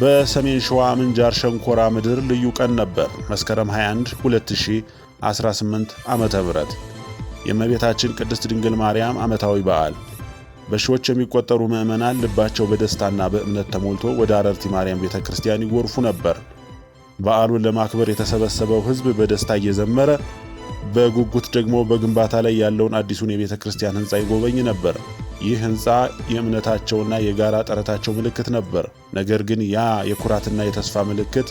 በሰሜን ሸዋ ምንጃር ሸንኮራ ምድር ልዩ ቀን ነበር። መስከረም 21 2018 ዓ ም የእመቤታችን ቅድስት ድንግል ማርያም ዓመታዊ በዓል። በሺዎች የሚቆጠሩ ምዕመናን ልባቸው በደስታና በእምነት ተሞልቶ ወደ አረርቲ ማርያም ቤተ ክርስቲያን ይጎርፉ ነበር። በዓሉን ለማክበር የተሰበሰበው ሕዝብ በደስታ እየዘመረ በጉጉት ደግሞ በግንባታ ላይ ያለውን አዲሱን የቤተ ክርስቲያን ሕንፃ ይጎበኝ ነበር። ይህ ህንፃ የእምነታቸውና የጋራ ጥረታቸው ምልክት ነበር። ነገር ግን ያ የኩራትና የተስፋ ምልክት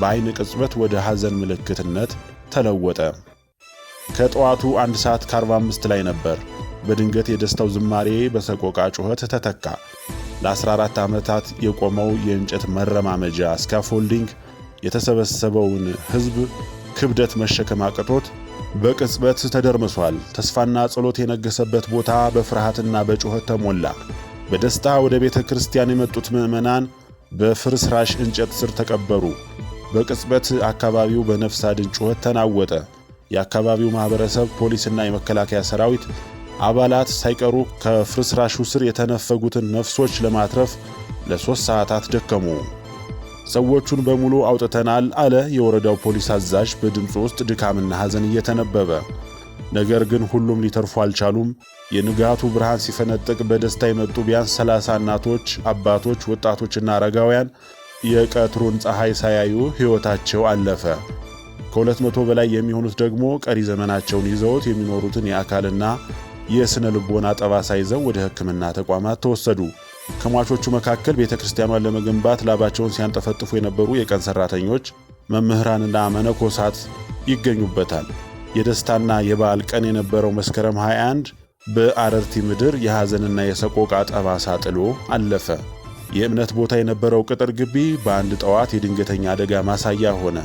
በአይን ቅጽበት ወደ ሐዘን ምልክትነት ተለወጠ። ከጠዋቱ አንድ ሰዓት ከ45 ላይ ነበር። በድንገት የደስታው ዝማሬ በሰቆቃ ጩኸት ተተካ። ለ14 ዓመታት የቆመው የእንጨት መረማመጃ ስካፎልዲንግ የተሰበሰበውን ህዝብ ክብደት መሸከም አቅቶት በቅጽበት ተደርምሷል። ተስፋና ጸሎት የነገሰበት ቦታ በፍርሃትና በጩኸት ተሞላ። በደስታ ወደ ቤተ ክርስቲያን የመጡት ምዕመናን በፍርስራሽ እንጨት ስር ተቀበሩ። በቅጽበት አካባቢው በነፍስ አድን ጩኸት ተናወጠ። የአካባቢው ማኅበረሰብ፣ ፖሊስና የመከላከያ ሰራዊት አባላት ሳይቀሩ ከፍርስራሹ ስር የተነፈጉትን ነፍሶች ለማትረፍ ለሦስት ሰዓታት ደከሙ። ሰዎቹን በሙሉ አውጥተናል አለ የወረዳው ፖሊስ አዛዥ በድምፅ ውስጥ ድካምና ሐዘን እየተነበበ። ነገር ግን ሁሉም ሊተርፉ አልቻሉም። የንጋቱ ብርሃን ሲፈነጥቅ በደስታ የመጡ ቢያንስ ሰላሳ እናቶች፣ አባቶች፣ ወጣቶችና አረጋውያን የቀትሩን ፀሐይ ሳያዩ ሕይወታቸው አለፈ። ከሁለት መቶ በላይ የሚሆኑት ደግሞ ቀሪ ዘመናቸውን ይዘውት የሚኖሩትን የአካልና የሥነ ልቦና ጠባሳ ይዘው ወደ ሕክምና ተቋማት ተወሰዱ። ከሟቾቹ መካከል ቤተ ክርስቲያኗን ለመገንባት ላባቸውን ሲያንጠፈጥፉ የነበሩ የቀን ሠራተኞች፣ መምህራንና መነኮሳት ይገኙበታል። የደስታና የበዓል ቀን የነበረው መስከረም 21 በአረርቲ ምድር የሐዘንና የሰቆቃ ጠባሳ ጥሎ አለፈ። የእምነት ቦታ የነበረው ቅጥር ግቢ በአንድ ጠዋት የድንገተኛ አደጋ ማሳያ ሆነ።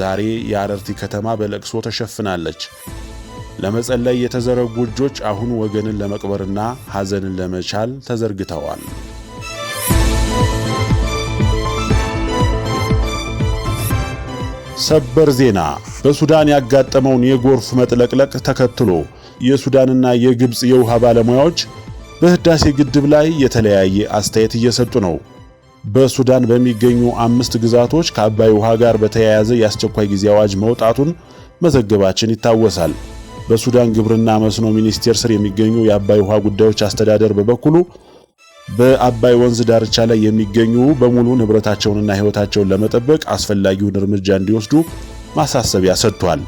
ዛሬ የአረርቲ ከተማ በለቅሶ ተሸፍናለች። ለመጸለይ የተዘረጉ እጆች አሁን ወገንን ለመቅበርና ሐዘንን ለመቻል ተዘርግተዋል። ሰበር ዜና በሱዳን ያጋጠመውን የጎርፍ መጥለቅለቅ ተከትሎ የሱዳንና የግብፅ የውሃ ባለሙያዎች በህዳሴ ግድብ ላይ የተለያየ አስተያየት እየሰጡ ነው። በሱዳን በሚገኙ አምስት ግዛቶች ከአባይ ውሃ ጋር በተያያዘ የአስቸኳይ ጊዜ አዋጅ መውጣቱን መዘገባችን ይታወሳል። በሱዳን ግብርና መስኖ ሚኒስቴር ስር የሚገኙ የአባይ ውሃ ጉዳዮች አስተዳደር በበኩሉ በአባይ ወንዝ ዳርቻ ላይ የሚገኙ በሙሉ ንብረታቸውንና ሕይወታቸውን ለመጠበቅ አስፈላጊውን እርምጃ እንዲወስዱ ማሳሰቢያ ሰጥቷል።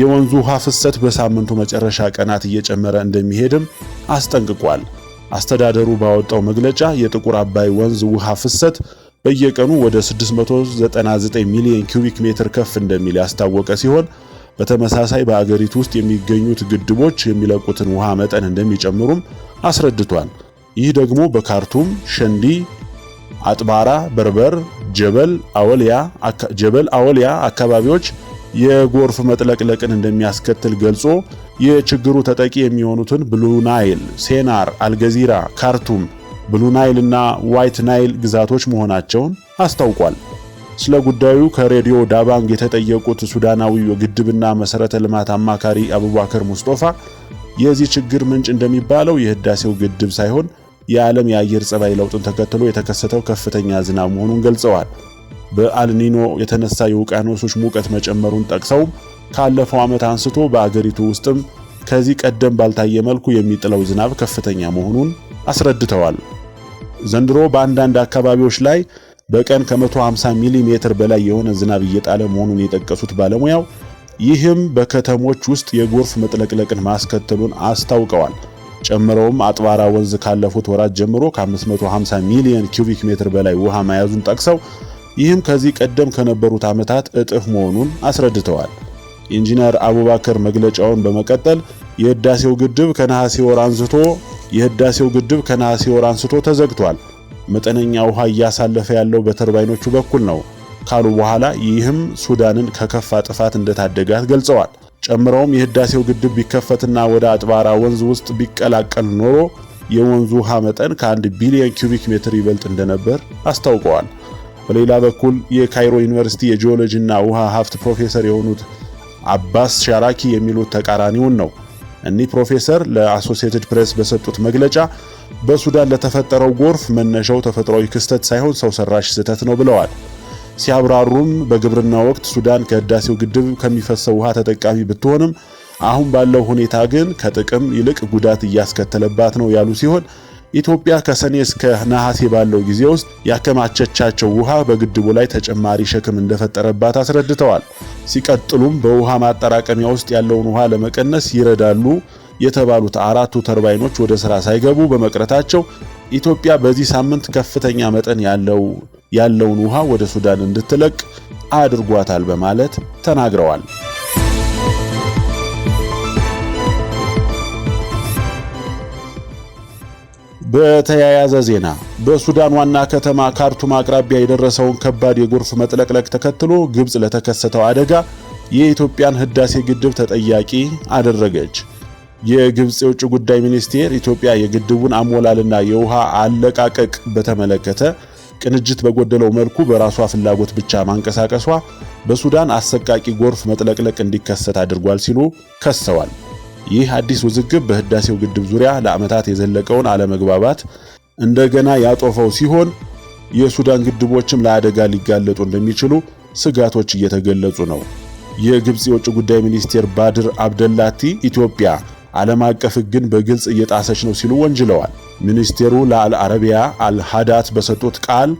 የወንዙ ውሃ ፍሰት በሳምንቱ መጨረሻ ቀናት እየጨመረ እንደሚሄድም አስጠንቅቋል። አስተዳደሩ ባወጣው መግለጫ የጥቁር አባይ ወንዝ ውሃ ፍሰት በየቀኑ ወደ 699 ሚሊዮን ኪዩቢክ ሜትር ከፍ እንደሚል ያስታወቀ ሲሆን በተመሳሳይ በአገሪቱ ውስጥ የሚገኙት ግድቦች የሚለቁትን ውሃ መጠን እንደሚጨምሩም አስረድቷል። ይህ ደግሞ በካርቱም፣ ሸንዲ፣ አጥባራ፣ በርበር፣ ጀበል አወልያ ጀበል አወልያ አካባቢዎች የጎርፍ መጥለቅለቅን እንደሚያስከትል ገልጾ የችግሩ ተጠቂ የሚሆኑትን ብሉ ናይል፣ ሴናር፣ አልገዚራ፣ ካርቱም፣ ብሉ ናይል እና ዋይት ናይል ግዛቶች መሆናቸውን አስታውቋል። ስለ ጉዳዩ ከሬዲዮ ዳባንግ የተጠየቁት ሱዳናዊ የግድብና መሰረተ ልማት አማካሪ አቡባከር ሙስጦፋ የዚህ ችግር ምንጭ እንደሚባለው የህዳሴው ግድብ ሳይሆን የዓለም የአየር ጸባይ ለውጥን ተከትሎ የተከሰተው ከፍተኛ ዝናብ መሆኑን ገልጸዋል። በአልኒኖ የተነሳ የውቃኖሶች ሙቀት መጨመሩን ጠቅሰውም ካለፈው ዓመት አንስቶ በአገሪቱ ውስጥም ከዚህ ቀደም ባልታየ መልኩ የሚጥለው ዝናብ ከፍተኛ መሆኑን አስረድተዋል። ዘንድሮ በአንዳንድ አካባቢዎች ላይ በቀን ከ150 ሚሊ ሜትር በላይ የሆነ ዝናብ እየጣለ መሆኑን የጠቀሱት ባለሙያው ይህም በከተሞች ውስጥ የጎርፍ መጥለቅለቅን ማስከተሉን አስታውቀዋል። ጨምረውም አጥባራ ወንዝ ካለፉት ወራት ጀምሮ ከ550 ሚሊዮን ኪዩቢክ ሜትር በላይ ውሃ መያዙን ጠቅሰው ይህም ከዚህ ቀደም ከነበሩት ዓመታት እጥፍ መሆኑን አስረድተዋል። ኢንጂነር አቡባከር መግለጫውን በመቀጠል የህዳሴው ግድብ ከነሐሴ ወር አንስቶ የህዳሴው ግድብ ከነሐሴ ወር አንስቶ ተዘግቷል። መጠነኛ ውሃ እያሳለፈ ያለው በተርባይኖቹ በኩል ነው ካሉ በኋላ ይህም ሱዳንን ከከፋ ጥፋት እንደታደጋት ገልጸዋል። ጨምረውም የህዳሴው ግድብ ቢከፈትና ወደ አጥባራ ወንዝ ውስጥ ቢቀላቀል ኖሮ የወንዙ ውሃ መጠን ከአንድ ቢሊዮን ኪዩቢክ ሜትር ይበልጥ እንደነበር አስታውቀዋል። በሌላ በኩል የካይሮ ዩኒቨርሲቲ የጂኦሎጂና ውሃ ሀብት ፕሮፌሰር የሆኑት አባስ ሻራኪ የሚሉት ተቃራኒውን ነው። እኒህ ፕሮፌሰር ለአሶሲየትድ ፕሬስ በሰጡት መግለጫ በሱዳን ለተፈጠረው ጎርፍ መነሻው ተፈጥሯዊ ክስተት ሳይሆን ሰው ሰራሽ ስህተት ነው ብለዋል። ሲያብራሩም በግብርና ወቅት ሱዳን ከህዳሴው ግድብ ከሚፈሰው ውሃ ተጠቃሚ ብትሆንም አሁን ባለው ሁኔታ ግን ከጥቅም ይልቅ ጉዳት እያስከተለባት ነው ያሉ ሲሆን ኢትዮጵያ ከሰኔ እስከ ነሐሴ ባለው ጊዜ ውስጥ ያከማቸቻቸው ውሃ በግድቡ ላይ ተጨማሪ ሸክም እንደፈጠረባት አስረድተዋል። ሲቀጥሉም በውሃ ማጠራቀሚያ ውስጥ ያለውን ውሃ ለመቀነስ ይረዳሉ የተባሉት አራቱ ተርባይኖች ወደ ስራ ሳይገቡ በመቅረታቸው ኢትዮጵያ በዚህ ሳምንት ከፍተኛ መጠን ያለው ያለውን ውሃ ወደ ሱዳን እንድትለቅ አድርጓታል በማለት ተናግረዋል። በተያያዘ ዜና በሱዳን ዋና ከተማ ካርቱም አቅራቢያ የደረሰውን ከባድ የጎርፍ መጥለቅለቅ ተከትሎ ግብፅ ለተከሰተው አደጋ የኢትዮጵያን ህዳሴ ግድብ ተጠያቂ አደረገች። የግብፅ የውጭ ጉዳይ ሚኒስቴር ኢትዮጵያ የግድቡን አሞላልና የውሃ አለቃቀቅ በተመለከተ ቅንጅት በጎደለው መልኩ በራሷ ፍላጎት ብቻ ማንቀሳቀሷ በሱዳን አሰቃቂ ጎርፍ መጥለቅለቅ እንዲከሰት አድርጓል ሲሉ ከሰዋል። ይህ አዲስ ውዝግብ በህዳሴው ግድብ ዙሪያ ለዓመታት የዘለቀውን አለመግባባት እንደገና ያጦፈው ሲሆን የሱዳን ግድቦችም ለአደጋ ሊጋለጡ እንደሚችሉ ስጋቶች እየተገለጹ ነው። የግብፅ የውጭ ጉዳይ ሚኒስቴር ባድር አብደላቲ ኢትዮጵያ ዓለም አቀፍ ሕግን በግልጽ እየጣሰች ነው ሲሉ ወንጅለዋል። ሚኒስቴሩ ለአልአረቢያ አልሃዳት በሰጡት ቃል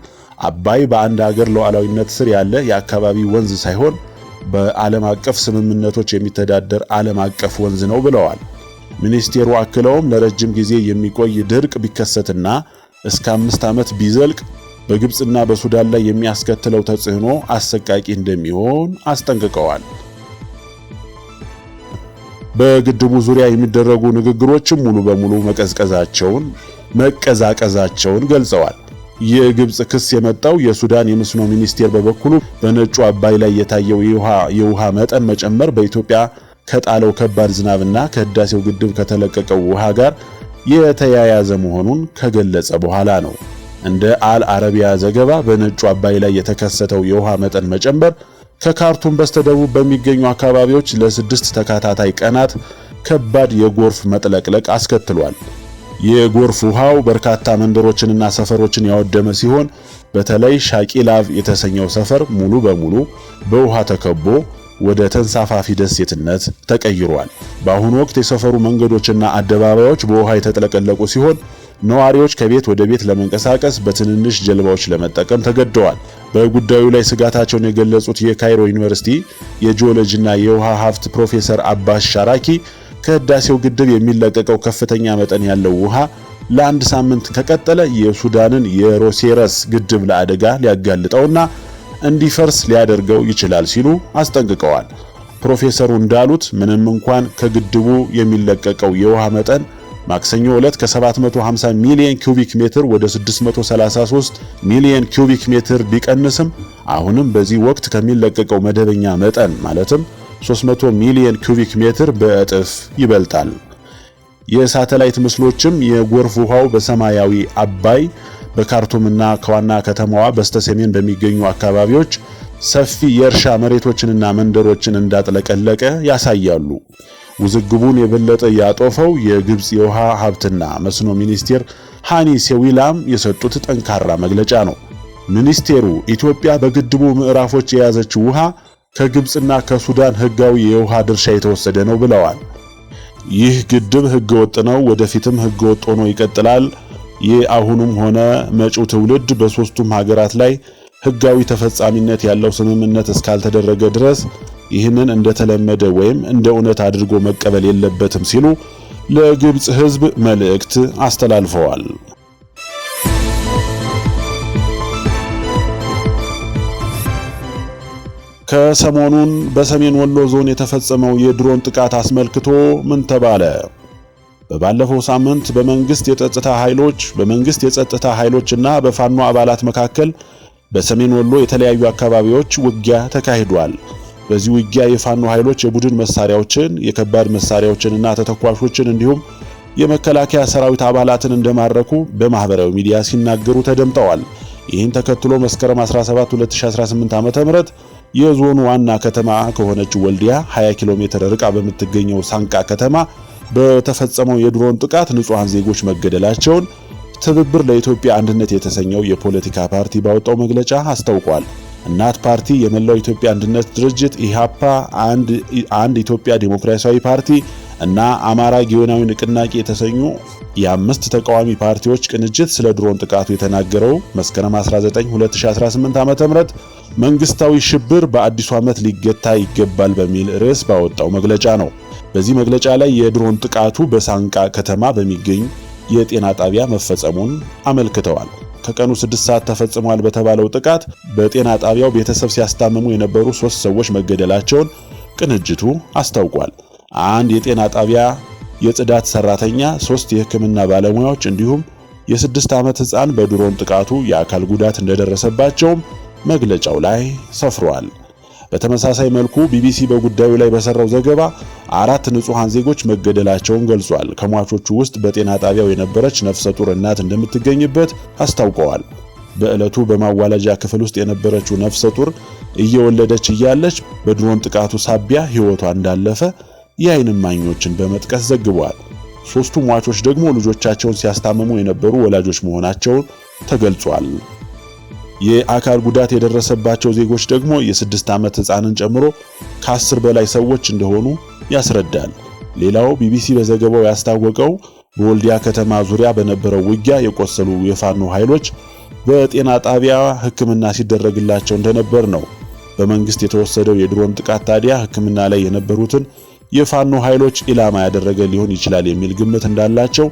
አባይ በአንድ አገር ሉዓላዊነት ስር ያለ የአካባቢ ወንዝ ሳይሆን በዓለም አቀፍ ስምምነቶች የሚተዳደር ዓለም አቀፍ ወንዝ ነው ብለዋል። ሚኒስቴሩ አክለውም ለረጅም ጊዜ የሚቆይ ድርቅ ቢከሰትና እስከ አምስት ዓመት ቢዘልቅ በግብፅና በሱዳን ላይ የሚያስከትለው ተጽዕኖ አሰቃቂ እንደሚሆን አስጠንቅቀዋል። በግድቡ ዙሪያ የሚደረጉ ንግግሮችም ሙሉ በሙሉ መቀዝቀዛቸውን መቀዛቀዛቸውን ገልጸዋል። የግብፅ ክስ የመጣው የሱዳን የመስኖ ሚኒስቴር በበኩሉ በነጩ አባይ ላይ የታየው የውሃ መጠን መጨመር በኢትዮጵያ ከጣለው ከባድ ዝናብና ከህዳሴው ግድብ ከተለቀቀው ውሃ ጋር የተያያዘ መሆኑን ከገለጸ በኋላ ነው። እንደ አል አረቢያ ዘገባ በነጩ አባይ ላይ የተከሰተው የውሃ መጠን መጨመር ከካርቱም በስተደቡብ በሚገኙ አካባቢዎች ለስድስት ተከታታይ ቀናት ከባድ የጎርፍ መጥለቅለቅ አስከትሏል። የጎርፍ ውሃው በርካታ መንደሮችንና ሰፈሮችን ያወደመ ሲሆን በተለይ ሻቂላቭ የተሰኘው ሰፈር ሙሉ በሙሉ በውሃ ተከቦ ወደ ተንሳፋፊ ደሴትነት ተቀይሯል። በአሁኑ ወቅት የሰፈሩ መንገዶችና አደባባዮች በውሃ የተጥለቀለቁ ሲሆን ነዋሪዎች ከቤት ወደ ቤት ለመንቀሳቀስ በትንንሽ ጀልባዎች ለመጠቀም ተገደዋል። በጉዳዩ ላይ ስጋታቸውን የገለጹት የካይሮ ዩኒቨርሲቲ የጂኦሎጂና የውሃ ሀብት ፕሮፌሰር አባስ ሻራኪ ከህዳሴው ግድብ የሚለቀቀው ከፍተኛ መጠን ያለው ውሃ ለአንድ ሳምንት ከቀጠለ የሱዳንን የሮሴረስ ግድብ ለአደጋ ሊያጋልጠውና እንዲፈርስ ሊያደርገው ይችላል ሲሉ አስጠንቅቀዋል። ፕሮፌሰሩ እንዳሉት ምንም እንኳን ከግድቡ የሚለቀቀው የውሃ መጠን ማክሰኞ ዕለት ከ750 ሚሊዮን ኪዩቢክ ሜትር ወደ 633 ሚሊዮን ኪዩቢክ ሜትር ቢቀንስም አሁንም በዚህ ወቅት ከሚለቀቀው መደበኛ መጠን ማለትም 300 ሚሊዮን ኪዩቢክ ሜትር በእጥፍ ይበልጣል። የሳተላይት ምስሎችም የጎርፍ ውሃው በሰማያዊ አባይ በካርቱምና ከዋና ከተማዋ በስተሰሜን በሚገኙ አካባቢዎች ሰፊ የእርሻ መሬቶችንና መንደሮችን እንዳጥለቀለቀ ያሳያሉ። ውዝግቡን የበለጠ ያጦፈው የግብፅ የውሃ ሀብትና መስኖ ሚኒስቴር ሃኒ ሴዊላም የሰጡት ጠንካራ መግለጫ ነው። ሚኒስቴሩ ኢትዮጵያ በግድቡ ምዕራፎች የያዘችው ውሃ ከግብፅና ከሱዳን ሕጋዊ የውሃ ድርሻ የተወሰደ ነው ብለዋል። ይህ ግድብ ህገወጥ ነው፣ ወደፊትም ህገወጥ ሆኖ ይቀጥላል። የአሁኑም ሆነ መጪው ትውልድ በሶስቱም ሀገራት ላይ ህጋዊ ተፈጻሚነት ያለው ስምምነት እስካልተደረገ ድረስ ይህንን እንደተለመደ ወይም እንደ እውነት አድርጎ መቀበል የለበትም ሲሉ ለግብፅ ህዝብ መልእክት አስተላልፈዋል። ከሰሞኑን በሰሜን ወሎ ዞን የተፈጸመው የድሮን ጥቃት አስመልክቶ ምን ተባለ? በባለፈው ሳምንት በመንግስት የጸጥታ ኃይሎች በመንግስት የጸጥታ ኃይሎችና በፋኖ አባላት መካከል በሰሜን ወሎ የተለያዩ አካባቢዎች ውጊያ ተካሂዷል። በዚህ ውጊያ የፋኖ ኃይሎች የቡድን መሳሪያዎችን፣ የከባድ መሳሪያዎችንና ተተኳሾችን እንዲሁም የመከላከያ ሰራዊት አባላትን እንደማረኩ በማህበራዊ ሚዲያ ሲናገሩ ተደምጠዋል። ይህን ተከትሎ መስከረም 17 2018 ዓ.ም የዞኑ ዋና ከተማ ከሆነች ወልዲያ 20 ኪሎ ሜትር ርቃ በምትገኘው ሳንቃ ከተማ በተፈጸመው የድሮን ጥቃት ንጹሐን ዜጎች መገደላቸውን ትብብር ለኢትዮጵያ አንድነት የተሰኘው የፖለቲካ ፓርቲ ባወጣው መግለጫ አስታውቋል። እናት ፓርቲ፣ የመላው ኢትዮጵያ አንድነት ድርጅት፣ ኢሃፓ፣ አንድ ኢትዮጵያ ዴሞክራሲያዊ ፓርቲ እና አማራ ጊዮናዊ ንቅናቄ የተሰኙ የአምስት ተቃዋሚ ፓርቲዎች ቅንጅት ስለ ድሮን ጥቃቱ የተናገረው መስከረም 19 2018 ዓ.ም መንግስታዊ ሽብር በአዲሱ ዓመት ሊገታ ይገባል በሚል ርዕስ ባወጣው መግለጫ ነው። በዚህ መግለጫ ላይ የድሮን ጥቃቱ በሳንቃ ከተማ በሚገኝ የጤና ጣቢያ መፈጸሙን አመልክተዋል። ከቀኑ 6 ሰዓት ተፈጽሟል በተባለው ጥቃት በጤና ጣቢያው ቤተሰብ ሲያስታምሙ የነበሩ ሶስት ሰዎች መገደላቸውን ቅንጅቱ አስታውቋል። አንድ የጤና ጣቢያ የጽዳት ሰራተኛ፣ ሶስት የህክምና ባለሙያዎች እንዲሁም የስድስት ዓመት ህፃን በድሮን ጥቃቱ የአካል ጉዳት እንደደረሰባቸውም መግለጫው ላይ ሰፍሯል። በተመሳሳይ መልኩ ቢቢሲ በጉዳዩ ላይ በሰራው ዘገባ አራት ንጹሐን ዜጎች መገደላቸውን ገልጿል። ከሟቾቹ ውስጥ በጤና ጣቢያው የነበረች ነፍሰ ጡር እናት እንደምትገኝበት አስታውቀዋል። በዕለቱ በማዋለጃ ክፍል ውስጥ የነበረችው ነፍሰ ጡር እየወለደች እያለች በድሮን ጥቃቱ ሳቢያ ህይወቷ እንዳለፈ የአይን እማኞችን በመጥቀስ ዘግቧል። ሦስቱ ሟቾች ደግሞ ልጆቻቸውን ሲያስታምሙ የነበሩ ወላጆች መሆናቸውን ተገልጿል። የአካል ጉዳት የደረሰባቸው ዜጎች ደግሞ የስድስት ዓመት ሕፃንን ጨምሮ ከአስር በላይ ሰዎች እንደሆኑ ያስረዳል። ሌላው ቢቢሲ በዘገባው ያስታወቀው በወልዲያ ከተማ ዙሪያ በነበረው ውጊያ የቆሰሉ የፋኖ ኃይሎች በጤና ጣቢያ ሕክምና ሲደረግላቸው እንደነበር ነው። በመንግስት የተወሰደው የድሮን ጥቃት ታዲያ ሕክምና ላይ የነበሩትን የፋኖ ኃይሎች ኢላማ ያደረገ ሊሆን ይችላል የሚል ግምት እንዳላቸው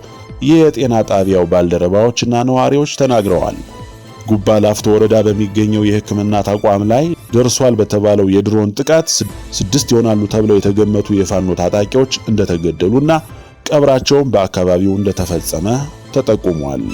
የጤና ጣቢያው ባልደረባዎችና ነዋሪዎች ተናግረዋል። ጉባ ላፍቶ ወረዳ በሚገኘው የሕክምና ተቋም ላይ ደርሷል በተባለው የድሮን ጥቃት ስድስት ይሆናሉ ተብለው የተገመቱ የፋኖ ታጣቂዎች እንደተገደሉና ቀብራቸውም በአካባቢው እንደተፈጸመ ተጠቁሟል።